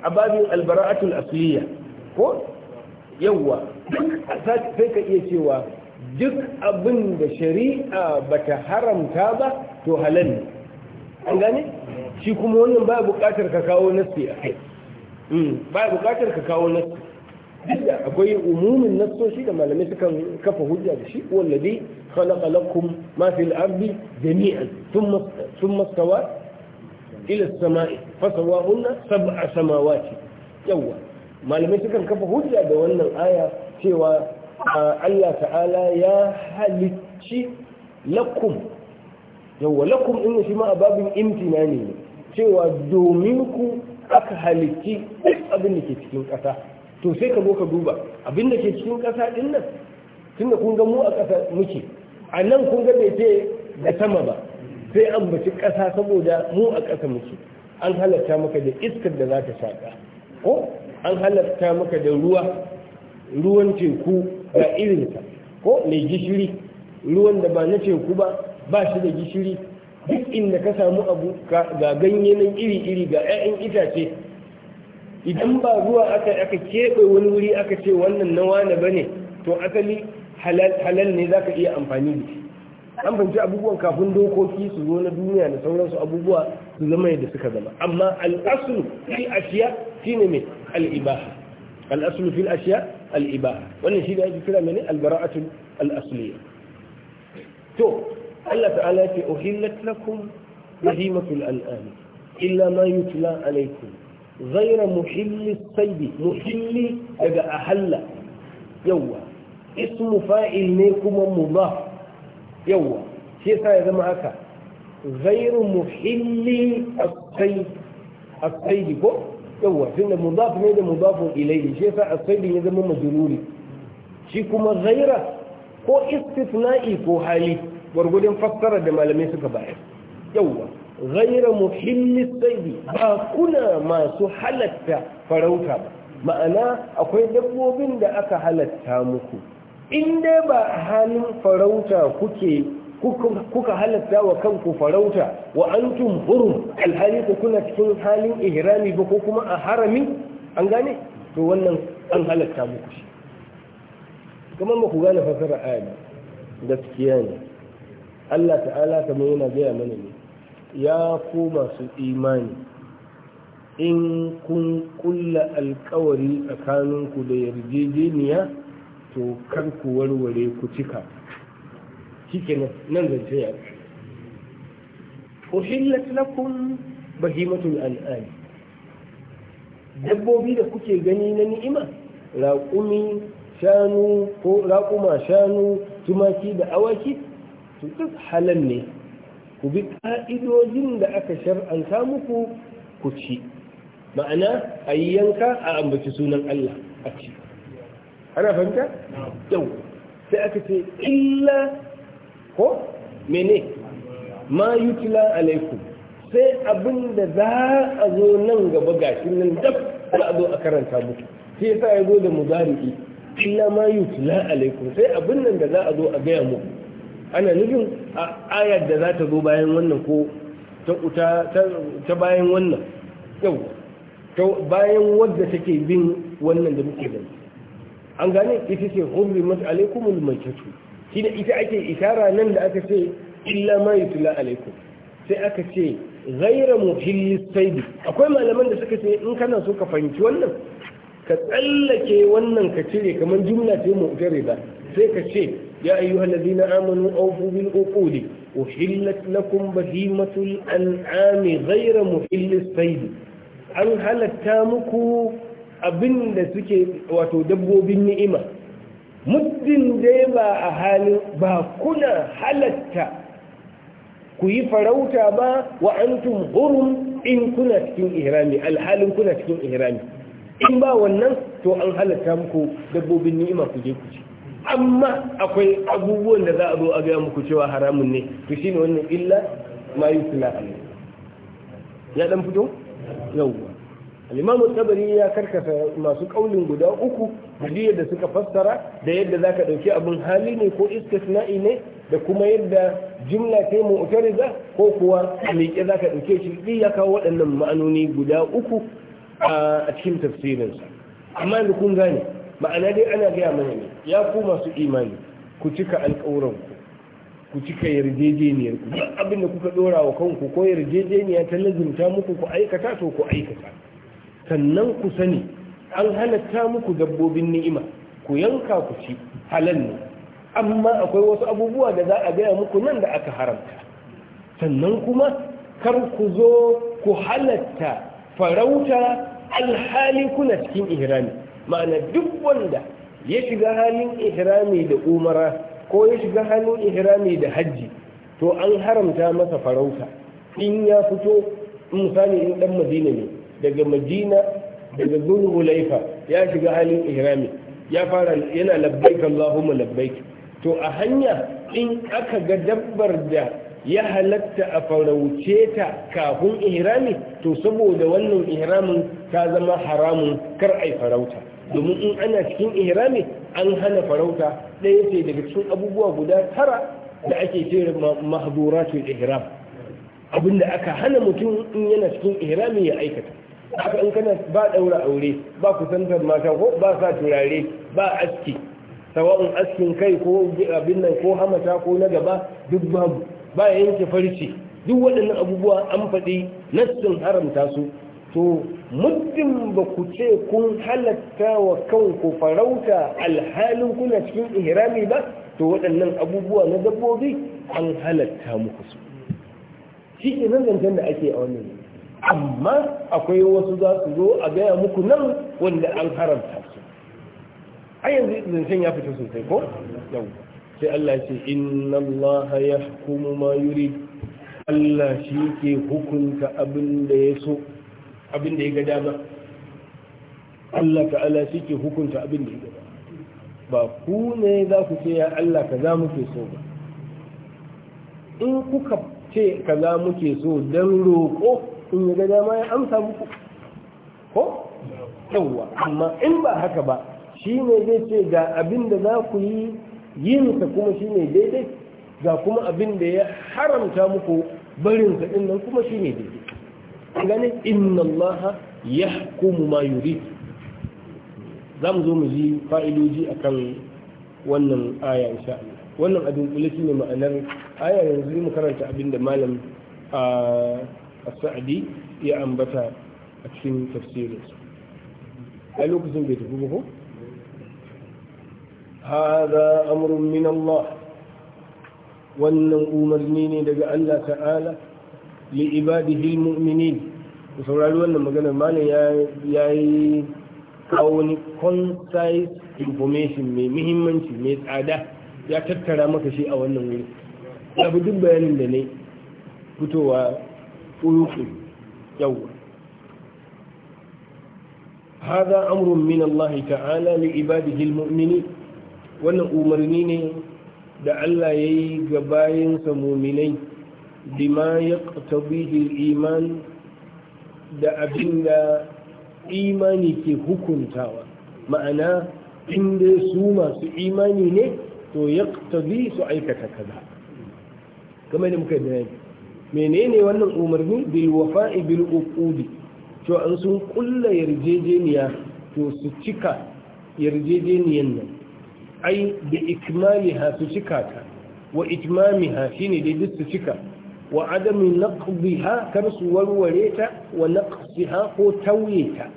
ababin albara'atul asliya ko yawwa duk sai ka iya cewa duk abin da shari'a bata haramta ba to halal ne an gane shi kuma wannan ba buƙatar ka kawo nassi a kai hmm, ba buƙatar ka kawo nassi duk da akwai umumin nassoshi da malamai sukan kafa hujja da shi wallabi خلق لكم ما في الأرض جميعا ثم ثم استوى إلى السماء فسواهن سبع سماوات يوا malamai sukan kafa hujja da wannan aya cewa Allah ta'ala ya halicci lakum yawa lakum din shi ma babin imtina ne cewa domin ku aka halicci abin da ke cikin ƙasa to sai ka zo ka duba abin da ke cikin ƙasa din tunda kun ga mu a ƙasa muke a nan kun ga bai ce da sama ba sai an baci ƙasa saboda mu a ƙasa muke an halatta maka da iskar da za ta shaƙa ko an halatta maka da ruwa ruwan teku ga irinsa ko mai gishiri ruwan da ba na teku ba ba shi da gishiri duk inda ka samu abu ga ganye nan iri-iri ga 'ya'yan itace idan ba ruwa aka aka keɓe wani wuri aka ce wannan na wane ba ne to asali halal ne za ka iya amfani da shi an fahimci abubuwan kafin dokoki su zo na duniya da sauransu abubuwa su zama yadda suka zama amma al'asulu fil ashiya ne mai al'ibaha al'asulu fil ashiya al'ibaha wannan shi da ake kira mene albara'atul al'asuliya to Allah ta'ala ya ce uhillat lakum bahimatul an'am illa ma yutla alaykum ghayra muhilli sayd muhilli daga ahalla yawwa ismu fa'il ne kuma mudaf yawa shi yasa ya zama haka ghairu muhilli as-sayd ko yawa tunda mudaf ne da mudafun ilayhi shi yasa as-sayd ya zama majruri shi kuma Zaira ko istithna'i ko hali gwargwadon fassara da malamai suka bayar yawa ghaira muhilli saidi ba kuna masu halatta farauta ba ma'ana akwai dabbobin da aka halatta muku in dai ba halin farauta kuke kuka halatta wa kanku farauta wa antum hurum alhali ku kuna cikin halin ihrami ba ko kuma a harami an gane to wannan an halatta muku shi kuma ba ku gane fasara ayat gaskiya ne Allah ta'ala kamar yana gaya mana ne ya ku masu imani in kun kulla alkawari tsakaninku da yarjejeniya to kan ku warware ku cika shikenan nan zance ya uhillat lakum bahimatul an'am dabbobi da kuke gani na ni'ima raƙumi shanu ko raƙuma shanu tumaki da awaki to duk halal ne ku bi ƙa'idojin da aka shar'anta muku ku ci ma'ana a yi yanka a ambaci sunan Allah a ci ana fahimta yau sai aka ce illa ko mene ma yutla alaiku sai abin da za a zo nan gaba gashin nan dab za a zo a karanta muku sai sa ya zo da muzari'i illa ma yutla alaiku sai abin nan da za a zo a gaya mu ana nufin a ayar da za ta zo bayan wannan ko ta bayan wannan yau bayan wadda take bin wannan da muke gani an gane ita ce hurrimat alaikumul Shi da ita ake isara nan da aka ce illa ma yutla alaikum sai aka ce ghaira muhillis saidi akwai malaman da suka ce in kana so ka fahimci wannan ka tsallake wannan ka cire kamar jumla ce mu ba sai ka ce ya ayyuhal ladina amanu awfu bil uqudi uhillat lakum bahimatul an'ami ghaira muhillis saidi an halatta muku abinda da suke wato dabbobin ni'ima muddin dai ba a halin ba kuna halatta ku yi farauta ba wa antum hurum in kuna cikin ihrami alhalin kuna cikin ihrami in ba wannan to an halatta muku dabbobin ni'ima ku je ku ci amma akwai abubuwan da za a zo a gaya muku cewa haramun ne to shine wannan illa ma yusla ya dan fito yawwa al-imamu tabari ya karkata masu kaulin guda uku hadiyar da suka fassara da yadda zaka dauki abun hali ne ko istisna'i ne da kuma yadda jumla ce mu'tariza ko kuwa miƙe zaka dauke shi duk ya kawo waɗannan ma'anoni guda uku a cikin tafsirin sa amma da kun gane ma'ana dai ana gaya mana ne ya ku masu imani ku cika alƙawuranku ku cika yarjejeniyar ku abin da kuka dora wa kanku ko yarjejeniya ta lazimta muku ku aikata to ku aikata sannan ku sani an halatta muku dabbobin ni'ima ku yanka ku ci halal ne amma akwai wasu abubuwa da za a gaya muku nan da aka haramta sannan kuma kar ku zo ku halatta farauta alhali kuna cikin ihrami ma'ana duk wanda ya shiga halin ihrami da umara ko ya shiga halin ihrami da hajji to an haramta masa farauta in ya fito misali in dan madina ne daga madina daga zulhulaifa ya shiga halin ihrami ya fara yana labbaik allahumma labbaik to a hanya in aka ga dabbar da ya halatta a farauce ta kafin ihrami to saboda wannan ihramin ta zama haramun kar ai farauta domin in ana cikin ihrami an hana farauta ɗaya ce daga cikin abubuwa guda tara da ake ce mahduratul ihram abinda aka hana mutum in yana cikin ihrami ya aikata haka in kana ba daura aure ba kusantar mata ko ba sa turare ba aski sawa'un askin kai ko abin nan ko hamata ko na gaba duk babu ba yanke farce duk waɗannan abubuwa an faɗi nassin haramta su to muddin ba ku ce kun halatta wa kanku farauta alhalin kuna cikin ihrami ba to waɗannan abubuwa na dabbobi an halatta muku su shi ke zancen da ake a wannan amma akwai wasu za su zo a gaya muku nan wanda an haramta su a yanzu zancen ya fita sosai ko yau sai Allah ce inna Allah ya hukumu ma yuri Allah shi ke hukunta abin da ya so abin da ya ga dama Allah ta'ala shi ke hukunta abin da ya ga ba ku ne za ku ce ya Allah ka za muke so ba in kuka ce ka za muke so don roƙo in ya ga dama ya amsa muku ko yawwa amma in ba haka ba shi ne zai ce ga abin da za ku yi yinsa kuma shi ne daidai ga kuma abin da ya haramta muku barinsa din nan kuma shi ne daidai gani inna Allah ya hukumu ma yuri za mu zo mu ji a kan wannan aya insha Allah wannan abin kula ne ma'anar aya yanzu mu karanta abin da malam ah, as ya ambata a cikin tafsirin a lokacin bai tafi ba ko hada amrun min Allah wannan umarni ne daga Allah ta'ala li ibadihi almu'minin ku saurari wannan maganar malam ya yi kawo wani concise information mai muhimmanci mai tsada ya tattara maka shi a wannan wuri abu duk bayanin da ne fitowa tsuyuki yawwa هذا أمر من الله تعالى لعباده المؤمنين وأن أمرني لعل يجباين سمومنين بما يقتضيه الإيمان da abin da imani ke hukuntawa ma'ana inda su masu imani ne to ya tabi su aikata kaza kamar da muka bayani menene wannan umarni bil wafa'i bil uqudi to an sun kulla yarjejeniya to su cika yarjejeniyan nan ai bi ha su cika ta wa ha shine dai duk su cika wa adami naqdiha kar su warware ta wa naqsiha ko tauye ta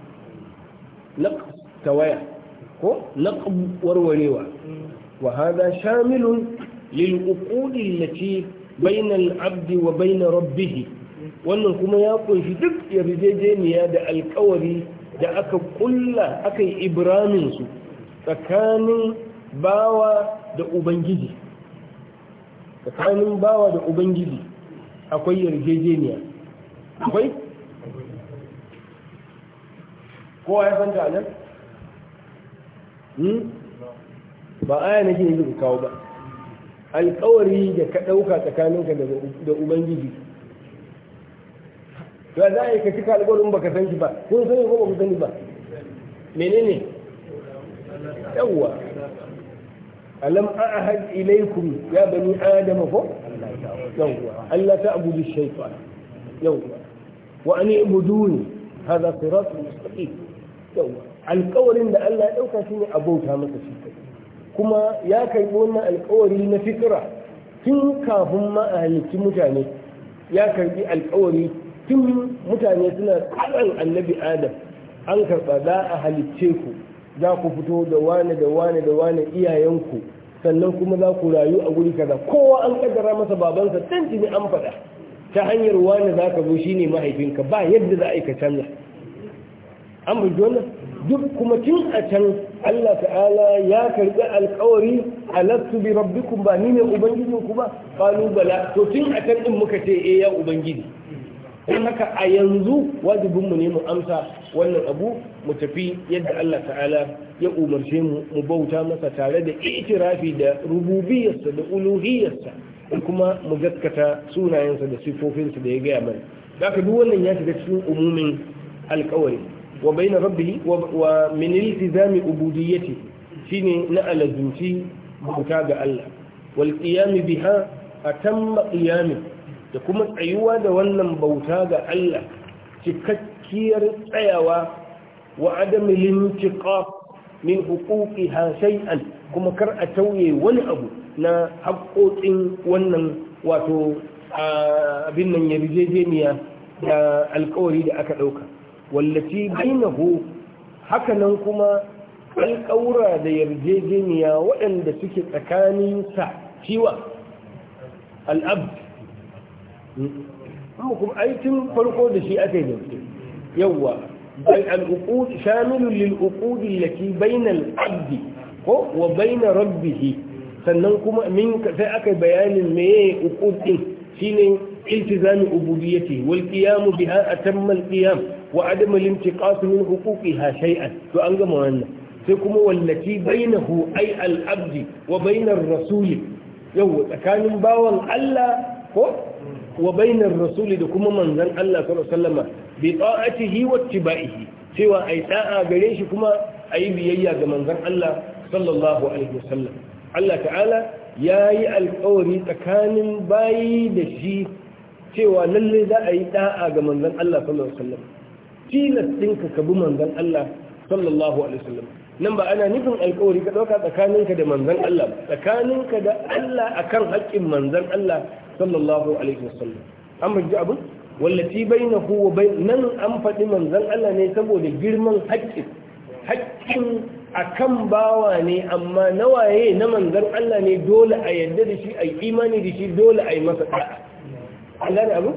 naqs tawaya ko naqb warwarewa wa hada shamilun lil uqudi allati bainal abdi wa bain rabbih wannan kuma ya kunshi duk yarjejeniya da alkawari da aka kulla aka yi ibramin su tsakanin bawa da ubangiji tsakanin bawa da ubangiji akwai yarjejeniya akwai kowa ya san ta nan hmm? ba aya nake yanzu ku kawo ba alkawari da ka ɗauka tsakaninka da ubangiji to za a yi ka cika alkawarin ba ka san shi ba kun sani ko ba ku sani ba menene yawwa alam a'had ilaykum ya bani adama ko yawwa alla ta'budu shaytan yawwa wa an ibuduni hadha siratun mustaqim yawwa alkawarin da Allah ya ɗauka shine abauta masa shi kai kuma ya karɓi wannan alkawari na fitra tun kafin ma a mutane ya karbi alkawari tun mutane suna tsaron annabi adam an karɓa za a halicce ku za ku fito da wane da wane da wane iyayenku sannan kuma za ku rayu a guri kaza kowa an kaddara masa babansa dan jini an faɗa ta hanyar wane za ka zo shine mahaifinka ba yadda za a yi canza an duk kuma tun a can Allah ta'ala ya karɓi alkawari alastu bi rabbikum ba ni ne ubangiji ku ba qalu bala to tun a can din muka ce eh ya ubangiji don haka a yanzu wajibin mu ne mu amsa wannan abu mu tafi yadda Allah ta'ala ya umarce mu mu bauta masa tare da itirafi da rububiyarsa da uluhiyarsa kuma mu gaskata sunayensa da sifofinsa da ya gaya mana da duk wannan ya shiga cikin umumin alkawari wa bayna rabbihi wa min iltizami ubudiyyati shine na alazunci bauta ga Allah wal qiyam biha atamma qiyam da kuma tsayuwa da wannan bauta ga Allah cikakkiyar tsayawa wa adam lintiqaf min huquqiha shay'an kuma kar a tauye wani abu na haƙoƙin wannan wato abin nan yarjejeniya da alƙawari da aka ɗauka wallafi bainahu hakanan kuma alƙaura da yarjejeniya waɗanda suke tsakaninsa ciwa al'abd hmm. kuma kuma aikin farko da shi aka yi yawwa shamilun lil'uƙudi laki bainal abdi ko wa baina rabbihi sannan kuma min sai aka bayanin meye uƙud din shine iltizami ubudiyyati wal qiyam biha atamma al qiyam wa adam al-intiqas min huquqiha shay'an to an gama wannan sai kuma wallati bainahu ay al-abd wa bainar rasul yau tsakanin bawan Allah ko wa bainar rasul da kuma manzon Allah sallallahu alaihi wasallam bi ta'atihi wa ittiba'ihi cewa ai da'a gare shi kuma ai biyayya ga manzon Allah sallallahu alaihi wasallam Allah ta'ala yayi alƙawari tsakanin bayi da shi cewa lalle za a yi da'a ga manzon Allah sallallahu alaihi wasallam tilas ɗinka ka bi manzan Allah sallallahu alaihi wasallam nan ba ana nufin alkawari ka ɗauka tsakaninka da manzan Allah tsakaninka da Allah akan haƙƙin manzan Allah sallallahu alaihi wasallam an bai abu wallati bainahu wa bain nan an faɗi manzan Allah ne saboda girman haƙƙin haƙƙin akan bawa ne amma nawaye na manzan Allah ne dole a yadda da shi a imani da shi dole a yi masa da'a Allah ne abu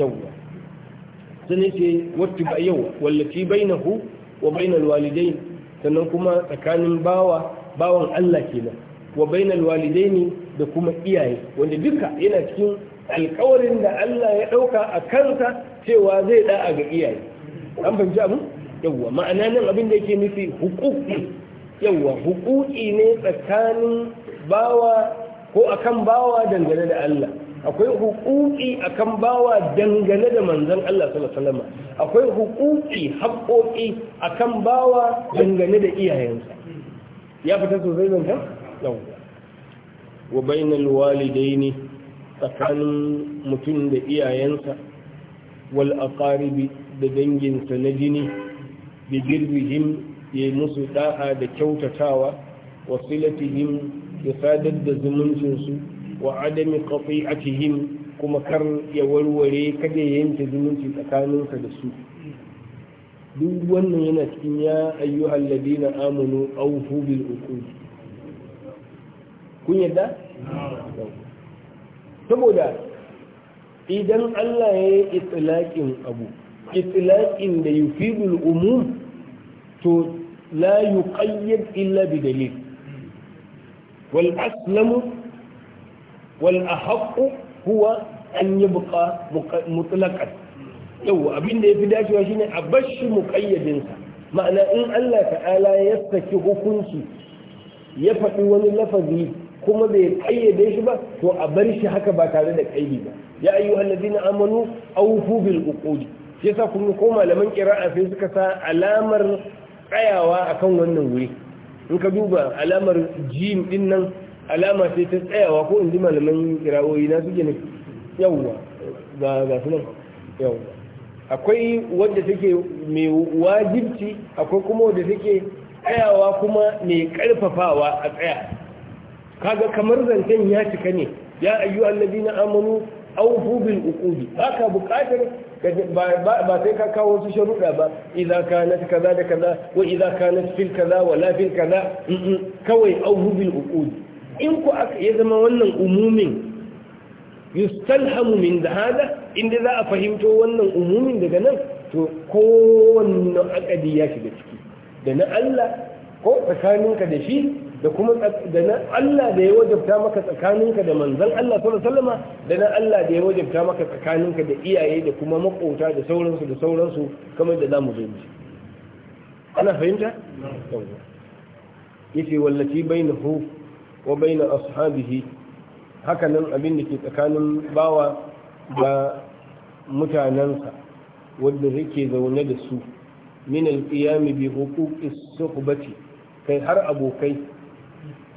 yawwa sannan ce wacce ba yau wallafi hu wa na walidai? sannan kuma tsakanin bawa bawan Allah kenan wa walidai ne da kuma iyaye wanda duka yana cikin alkawarin da Allah ya ɗauka a kansa cewa zai a ga iyaye an fahimci abu? yawwa ma'ana nan abin da yake nufi hukuki yawwa hukuki ne tsakanin bawa ko akan bawa dangane da Allah akwai hukuki akan bawa dangane da manzon Allah sallallahu alaihi akwai hukuki haƙoƙi akan bawa dangane da iyayensa ya fita sosai zai wa bainal walidaini tsakanin mutum da iyayensa wal aqaribi da danginsa na jini bi girbihim ya musu da'a da kyautatawa wasilatihim ya sadar da zumuncinsu wa adami qati'atihim kuma kar ya warware kada ya yanke zumunci tsakaninka da su duk wannan yana cikin ya ayyuhal ladina amanu awfu bil uqud kun yadda saboda idan Allah ya yi itlaqin abu itlaqin da yufidul umum to la yuqayyad illa bi dalil wal aslamu wal ahqqu huwa an yabqa mutlaqan yau abin da fi dacewa shine a bashi muqayyadin sa ma'ana in Allah ta'ala ya saki hukunci ya faɗi wani lafazi kuma bai ƙayyade shi ba to a bar shi haka ba tare da kaidi ba ya ayyuhal ladina amanu awfu bil uqud yasa kun ko malaman qira'a sai suka sa alamar tsayawa akan wannan wuri in ka duba alamar jim din nan alama ce ta tsayawa ko in ji malaman kirawoyi na suke ne yawwa ga su nan yawwa akwai wanda take mai wajibci akwai kuma wanda take tsayawa kuma mai karfafawa a tsaya kaga kamar zancen ya cika ne ya ayyu na amanu awfu bil uqudi baka buƙatar ba sai ka kawo su sharuɗa ba idza kanat kaza da kaza wa idza kanat fil kaza wa fil kaza kawai awfu bil uqudi in ku aka ya zama wannan umumin yustalhamu min da hada inda za a fahimto wannan umumin daga nan to kowanne akadi ya shiga ciki da na Allah ko tsakaninka da shi da kuma da na Allah da ya wajabta maka tsakaninka da manzon Allah sallallahu alaihi Salama, da na Allah da ya wajabta maka tsakaninka da iyaye da kuma makota da sauransu da sauransu kamar da zamu zo mu ana fahimta yace na bainahu wa baina ashabihi hakanan abin da ke tsakanin bawa da mutanensa wanda yake zaune da su min alqiyami bi huquqi suhbati kai har abokai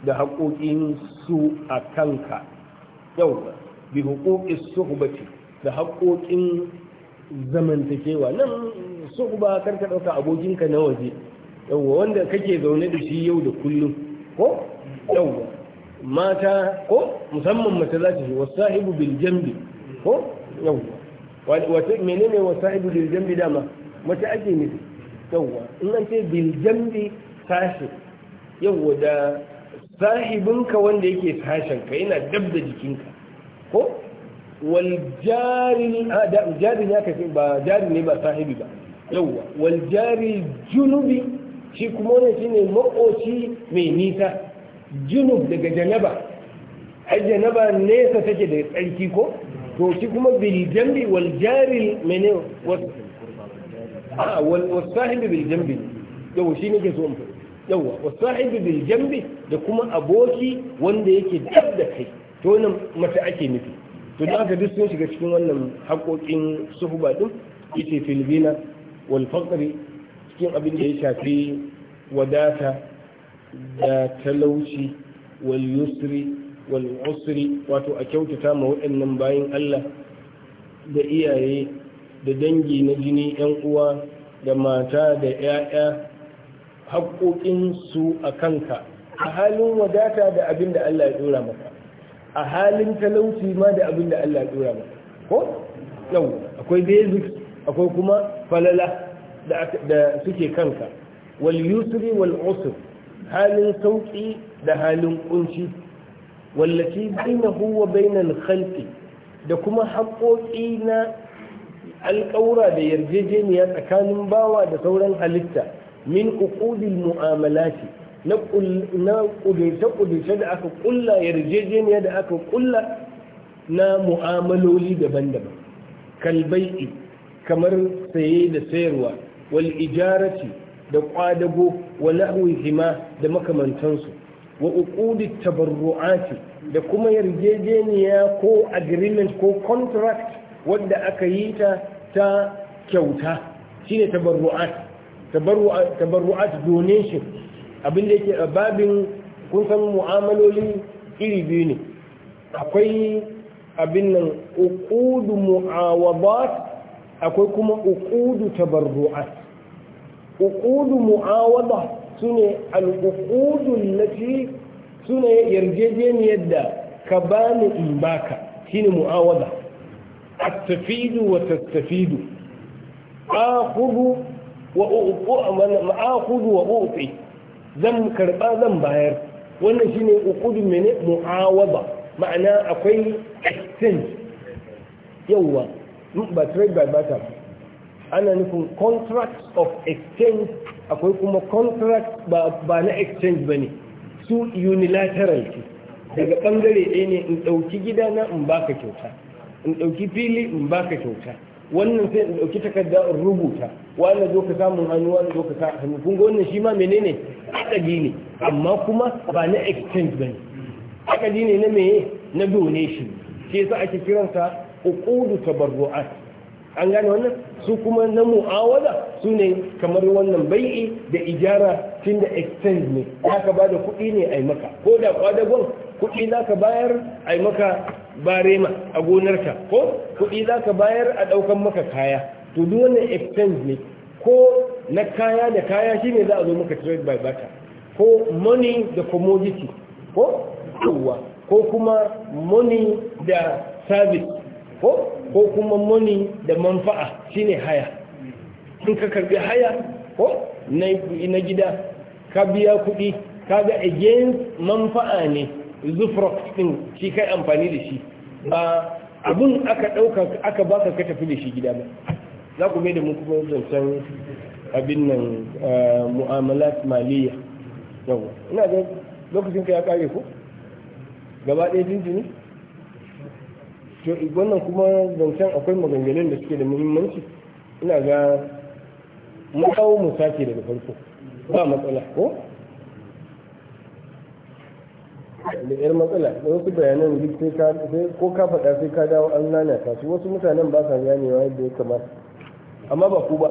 da haƙoƙin su a kanka yau bi huquqi suhbati da haƙoƙin zamantakewa nan suhba karka ɗauka abokinka na waje yauwa wanda kake zaune da shi yau da kullum ko yauwa mata ko musamman mace za ta shi wasahibu bil jambi ko yawwa wata menene wasahibu bil jambi dama mace ake nufi yawwa in an ce bil jambi sashe yawwa da sahibinka wanda yake sashen ka yana dab da jikinka ko wal jari jari ya kace ba jari ne ba sahibi ba yawwa wal jari junubi shi kuma ne shine makoci mai nisa junub daga janaba ai janaba nesa take da tsarki ko to shi kuma bil jambi wal jari mene a wal sahibi bil jambi yau shi nake so in faɗi yawa sahibi bil jambi da kuma aboki wanda yake dab da kai to wannan mata ake nufi to da aka duk sun shiga cikin wannan haƙoƙin suhuba din yace filbina wal faqri cikin abin da ya shafi wadata da talauci wal yusri wal usri wato a kyautata ma waɗannan bayan Allah da iyaye da dangi na jini yan uwa da mata da 'ya'ya haƙoƙinsu a kanka a halin wadata da abin da Allah ya ɗora maka a halin talauci ma da abin da Allah ya ɗora maka ko yau akwai basics akwai kuma falala da suke kanka wal yusri wal usr halin sauƙi da halin ƙunci wallafi na huwa bainal khalqi da kuma haƙoƙi na alƙaura da yarjejeniya tsakanin bawa da sauran halitta min uqudil mu'amalati na ƙudurce-ƙudurce da aka ƙulla yarjejeniya da aka ƙulla na mu'amaloli daban-daban kalbai'i kamar saye da sayarwa wal ijarati da ƙwadago wa da makamantansu wa uqudi tabarru'ati da kuma yarjejeniya ko agreement ko contract wanda aka yi ta ta kyauta shine tabarru'at tabarru'at donation abin da yake babin kun san mu'amaloli iri biyu ne akwai abin nan uqudu mu'awadat akwai kuma uƙudu tabarru'at uqudu mu'awada sune al-uqudu allati sune yarjejeniyar da ka bani in baka shine mu'awada astafidu wa tastafidu akhudhu wa u'ti wa u'ti zan karɓa zan bayar wannan shine uqudu mene mu'awada ma'ana akwai exchange yawa ba trade by barter ana nufin contract of exchange akwai kuma contract ba na exchange ba ne su unilateral ce daga ɓangare ɗaya ne in ɗauki gidana in baka kyauta in ɗauki fili in baka kyauta wannan sai in ɗauki takarda in rubuta wanda zo ka samun hannu wanda zo ka hannu kun wannan shi ma menene akadi ne amma kuma ba na exchange ba ne akadi ne na meye na donation shi yasa ake kiransa uqudu tabarru'at an gane wannan su kuma na mu'awala su ne kamar wannan bai'i da ijara tun da exchange ne za ka ba da kuɗi ne a maka ko da kwadagon kuɗi za ka bayar a maka barema a gonarka ko kuɗi za ka bayar a ɗaukan maka kaya to duk wannan exchange ne ko na kaya da kaya shine za a zo maka trade by barter ko money da commodity ko kowa ko kuma money da service ko ko kuma muni da manfa'a shine haya in ka karbi haya ko na gida ka biya kuɗi kaga against manfa'a ne zufra din shi kai amfani da shi ba abun aka ɗauka aka baka ka tafi da shi gida ba za ku mai da mu kuma zancen abin nan eh, mu'amalat maliya yau ina ga lokacin ka ya kare ku gaba ɗaya jinjini to wannan kuma zancen akwai maganganun da suke da muhimmanci ina ga mu kawo mu sake daga farko ba matsala ko da yar matsala da wasu bayanan duk sai ka ko ka faɗa sai ka dawo an nana ta su wasu mutanen ba sa ganewa yadda ya kamata amma ba ku ba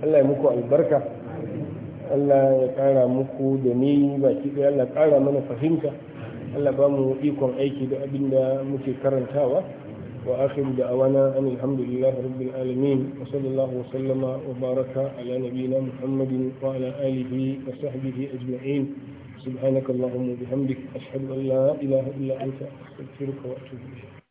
Allah ya muku albarka Allah ya ƙara muku da ni baki ɗaya Allah ƙara mana fahimta Allah ba mu ikon aiki da abin da muke karantawa wa akhiru da awana an alhamdulillah rabbil alamin wa sallallahu wa sallama wa baraka ala nabiyyina muhammadin wa ala alihi wa sahbihi ajma'in subhanakallahumma bihamdik ashhadu an la ilaha illa anta astaghfiruka wa atubu ilayk